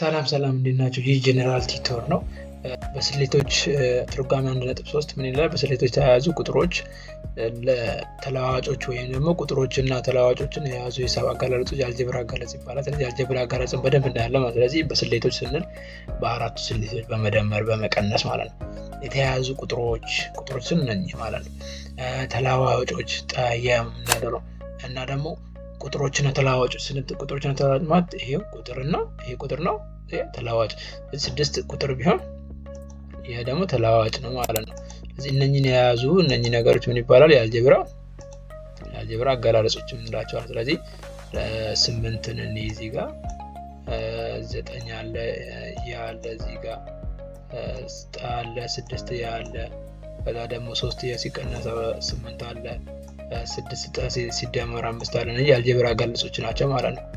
ሰላም ሰላም፣ እንዴት ናቸው? ይህ ጀኔራል ቲቶር ነው። በስሌቶች ትርጓሜ አንድ ነጥብ ሶስት ምን ይላል? በስሌቶች የተያያዙ ቁጥሮች ለተለዋዋጮች ወይም ደግሞ ቁጥሮችና ተለዋዋጮችን የያዙ የሂሳብ አገላለጾች የአልጀብራ አገላለጽ ይባላል። ስለዚህ አልጀብራ አገላለጽን በደንብ እናያለን ማለት ስለዚህ በስሌቶች ስንል በአራቱ ስሌቶች በመደመር በመቀነስ ማለት ነው። የተያያዙ ቁጥሮች ቁጥሮች ስን እነኚህ ማለት ነው። ተለዋዋጮች ጠየም ነድሮ እና ደግሞ ቁጥሮችና ተለዋዋጮች ስንል ቁጥሮችና ተለዋዋጮች ማለት ይሄ ቁጥር ነው ይሄ ቁጥር ነው ተለዋዋጭ ስድስት ቁጥር ቢሆን ይህ ደግሞ ተለዋዋጭ ነው ማለት ነው። ስለዚህ እነኝን የያዙ እነኝ ነገሮች ምን ይባላል? የአልጀብራ የአልጀብራ አገላለጾች እንላቸዋለን። ስለዚህ ስምንትን እኔ እዚህ ጋ ዘጠኝ አለ ያለ እዚህ ጋ አለ ስድስት ያለ ከዛ ደግሞ ሶስት ሲቀነሰ ስምንት አለ ስድስት ሲደመር አምስት አለ። እነዚህ የአልጀብራ አገላለጾች ናቸው ማለት ነው።